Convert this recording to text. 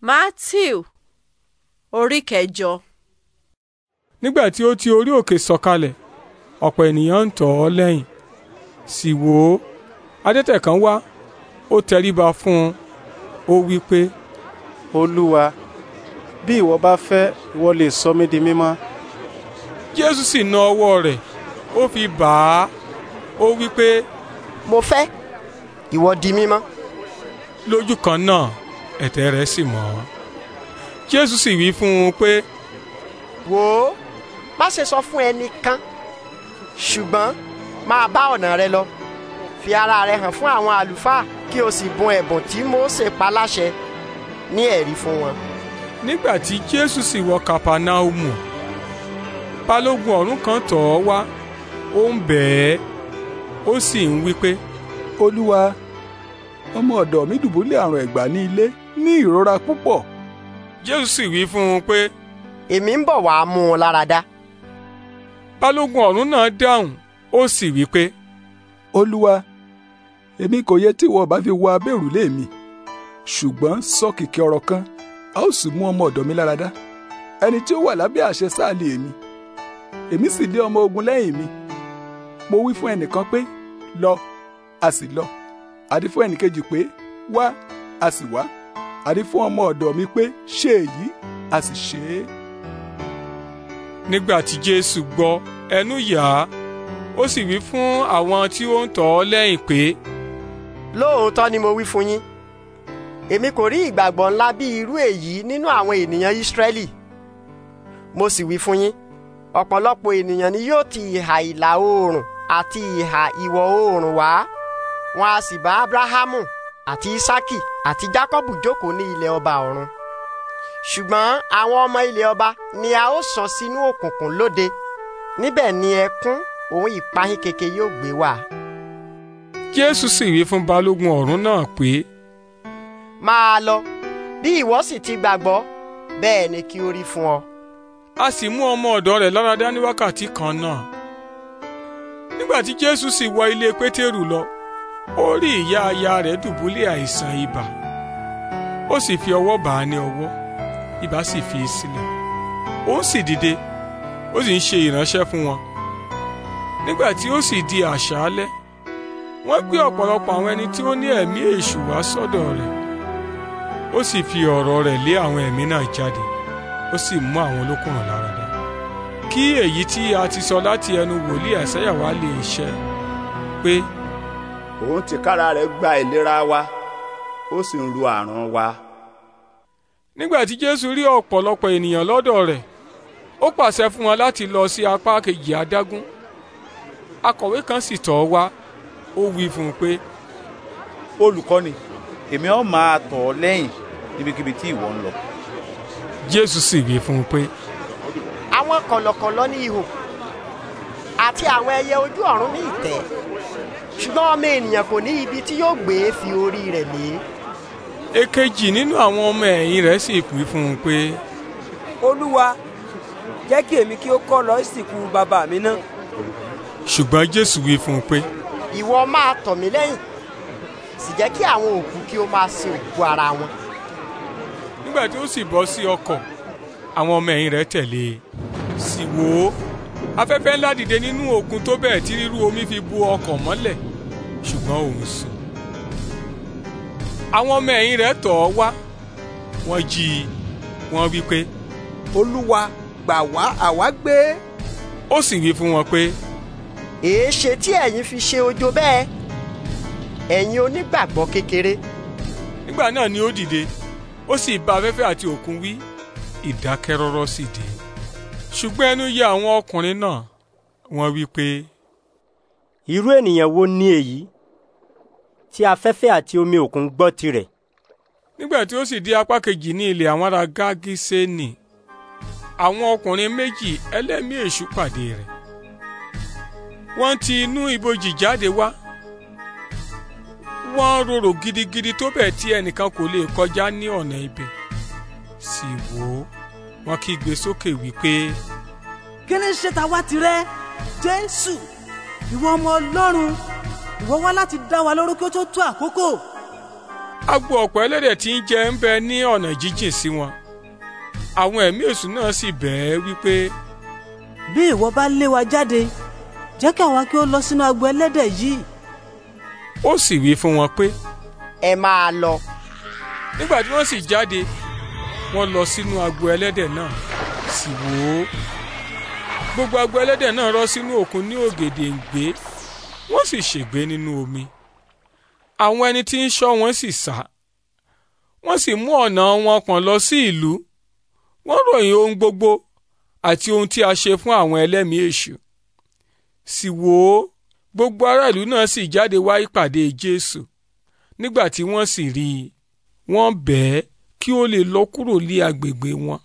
Matthew orí kẹjọ. nígbà tí ó ti orí òkè sọ̀kalẹ̀ ọ̀pọ̀ ènìyàn ń tọ̀ ọ́ lẹ́yìn sì wò ó adẹ́tẹ̀ kan wá ó tẹríba fún un ó wí pé. olúwa bí ìwọ bá fẹ́ ìwọ lè sọ mí di mímọ́. jésù sì na ọwọ́ rẹ̀ ó fi bà á ó wí pé. mo fẹ́ ìwọ di mímọ́. lójú kan náà ẹ̀tẹ̀ rẹ̀ sì mọ́. jésù sì wí fún un pé. wò ó má ṣe sọ fún ẹnìkan ṣùgbọ́n máa bá ọ̀nà rẹ lọ fi ara rẹ hàn fún àwọn àlùfáà kí o sì bùn ẹ̀bùn tí Mósè pa láṣẹ ní ẹ̀rí fún wọn. nígbà tí jésù sì wọ kapanaumu balógun ọ̀rún kan tọ̀ ọ́ wá ó ń bẹ̀ ẹ́ ó sì ń wí pé. olúwa ọmọ ọ̀dọ̀ mi dùbúlẹ̀ àrùn ẹ̀gbà ní ilé ní ìrora púpọ̀. jésù sì wí fún un pé. èmi ń bọ̀ wá mú un lára dá. balógun ọ̀rún náà dáhùn ó sì wí pé. olúwa èmi kò yẹ tí ìwọ bá fi wọ abẹ́ òrùlé mi ṣùgbọ́n sọ kìkì ọ̀rọ̀ kan a ó sì mú ọmọ ọ̀dọ̀ mi lára dá ẹni tí ó wà lábẹ́ àṣẹ sáàlì èmi èmi sì lé ọmọ ogun lẹ́yìn mi mo wí fún ẹnìkan pé lọ a sì lọ àti fún ẹnìkejì pé wá a sì wá àrí fún ọmọ ọ̀dọ̀ mi pé ṣe èyí a sì ṣe é. nígbà tí jésù gbọ́ ẹnu yà á ó sì wí fún àwọn tí ó ń tọ̀ ọ́ lẹ́yìn pé. lóòótọ́ ni mo wí fún yín èmi kò rí ìgbàgbọ́ ńlá bí irú èyí nínú àwọn ènìyàn Ísírẹ́lì mo sì wí fún yín ọ̀pọ̀lọpọ̀ ènìyàn ni yóò ti ìhà ìlà oòrùn àti ìhà ìwọ̀ oòrùn wá wọn a sì bá Ábúráhámù àti Ísákì àti Jákọ́bù jókòó ní ilẹ̀ ọba ọ̀run ṣùgbọ́n àwọn ọmọ ilẹ̀ ọba ni a ó sọ sínú òkùnkùn lóde níbẹ̀ ni ẹkún òun ìpayín keke yóò gbé wá. Jésù sì wí fún balógun ọ̀rún náà pé. máa lọ bí ìwọ sì ti gbàgbọ́ bẹ́ẹ̀ ni kí ó rí fún ọ. a sì mú ọmọ ọ̀dọ̀ rẹ̀ láradá ní wákàtí kan náà. nígbà tí Jésù sì wọ ilé Pétérù lọ ó rí ìyá aya rẹ̀ dùbúlẹ̀ àìsàn ibà ó sì fi ọwọ́ bà á ní ọwọ́ ibà sì fi í sílẹ̀ ó sì dìde ó sì ń ṣe ìránṣẹ́ fún wọn nígbà tí ó sì di àṣálẹ́ wọ́n gbé ọ̀pọ̀lọpọ̀ àwọn ẹni tí ó ní ẹ̀mí èṣù wá sọ́dọ̀ rẹ̀ ó sì fi ọ̀rọ̀ rẹ̀ lé àwọn ẹ̀mí náà jáde ó sì mú àwọn olókùnrùn láradá kí èyí tí a ti sọ láti ẹnu wòlíì Àìsáyà wá lè ṣẹ pé. òun tìkára rẹ̀ gba ìlera wa ó sì ń ru àrùn wa. nígbà tí jésù rí ọ̀pọ̀lọpọ̀ ènìyàn lọ́dọ̀ rẹ̀ ó pàṣẹ fún wọn láti lọ sí apá kejì adágún akọ̀wé kan sì tọ̀ ọ́ wá ó wí fún un pé. olùkọ́ni èmi ó máa tọ̀ ọ́ lẹ́yìn níbikíbi tí ìwọ ń lọ. jésù sì wí fún un pé. àwọn kọ̀lọ̀kọ̀lọ̀ ní ihò àti àwọn ẹyẹ ojú ọ̀run ní ìtẹ́ ṣùgbọ́n ọmọ ènìyàn kò ní ibi tí yóò gbé fi orí rẹ̀ lé. èkejì nínú àwọn ọmọ ẹ̀yìn rẹ̀ sì pín fún un pé. olúwa jẹ́ kí èmi kí ó kọ́ lọ ìsìnkú bàbá mi náà. ṣùgbọ́n jésù wí fún un pé. ìwọ máa tọ̀ mí lẹ́yìn sì jẹ́ kí àwọn òkú kí ó máa sin òkú ara wọn. nígbà tí ó sì bọ́ sí ọkọ̀ àwọn ọmọ ẹ̀yìn rẹ̀ tẹ̀lé e sì wò ó afẹ́fẹ́ ńlá dìde nínú òkun tó bẹ́ẹ̀ tí rírú omi fi bo ọkọ̀ mọ́lẹ̀ ṣùgbọ́n òun sùn. àwọn ọmọ ẹ̀yìn rẹ̀ tọ̀ ọ́ wá wọ́n jí i wọ́n wí pé. olúwa gbà wá àwa gbé. ó sì wí fún wọn pé. èéṣe tí ẹ̀yin fi ṣe ojo bẹ́ẹ̀ ẹ̀yin onígbàgbọ́ kékeré. nígbà náà ni ó dìde ó sì bá afẹ́fẹ́ àti òkun wí ìdákẹ́rọ́rọ́ sì dé ṣùgbọ́n ẹnu yà àwọn ọkùnrin náà wọ́n wí pé. irú ènìyàn wo ni èyí tí afẹ́fẹ́ àti omi òkun gbọ́ tirẹ̀. nígbà tí ó sì di apá kejì ní ilẹ̀ àwọn ará gágísénì àwọn ọkùnrin méjì ẹlẹ́mìí èṣù pàdé rẹ̀ wọ́n ti inú ibojì jáde wá wọ́n rorò gidigidi tó bẹ́ẹ̀ tí ẹnìkan kò lè kọjá ní ọ̀nà ibẹ̀ sì wò ó wọ́n kígbe sókè wípé. kíni ṣe tàwa tìrẹ jésù ìwọ ọmọ ọlọ́run ìwọ wá láti dá wa lóró kí ó tó tó àkókò. agbo ọ̀pọ̀ ẹlẹ́dẹ̀ tí ń jẹ ń bẹ ní ọ̀nà jíjìn sí wọn àwọn ẹ̀mí èṣù náà sì bẹ̀ẹ́ wípé. bí ìwọ bá lé wa jáde jẹ́ kí àwa kí ó lọ sínú agbo ẹlẹ́dẹ̀ yìí. ó sì wí fún wọn pé. ẹ máa lọ. nígbà tí wọ́n sì jáde wọ́n lọ sínú agbo ẹlẹ́dẹ̀ náà sì wò ó gbogbo agbo ẹlẹ́dẹ̀ náà rọ́ sínú òkun ní ògèdèǹgbé wọ́n sì ṣègbé nínú omi àwọn ẹni tí ń ṣọ́ wọn sì sá wọ́n sì mú ọ̀nà wọn pọ̀n lọ sí ìlú wọ́n ròyìn ohun gbogbo àti ohun tí a ṣe fún àwọn ẹlẹ́mìí èṣù sì wò ó gbogbo ará ìlú náà sì jáde wá ìpàdé Jésù nígbà tí wọ́n sì rí i wọ́n bẹ̀ẹ́ kí ó lè lọ kúrò ní agbègbè wọn.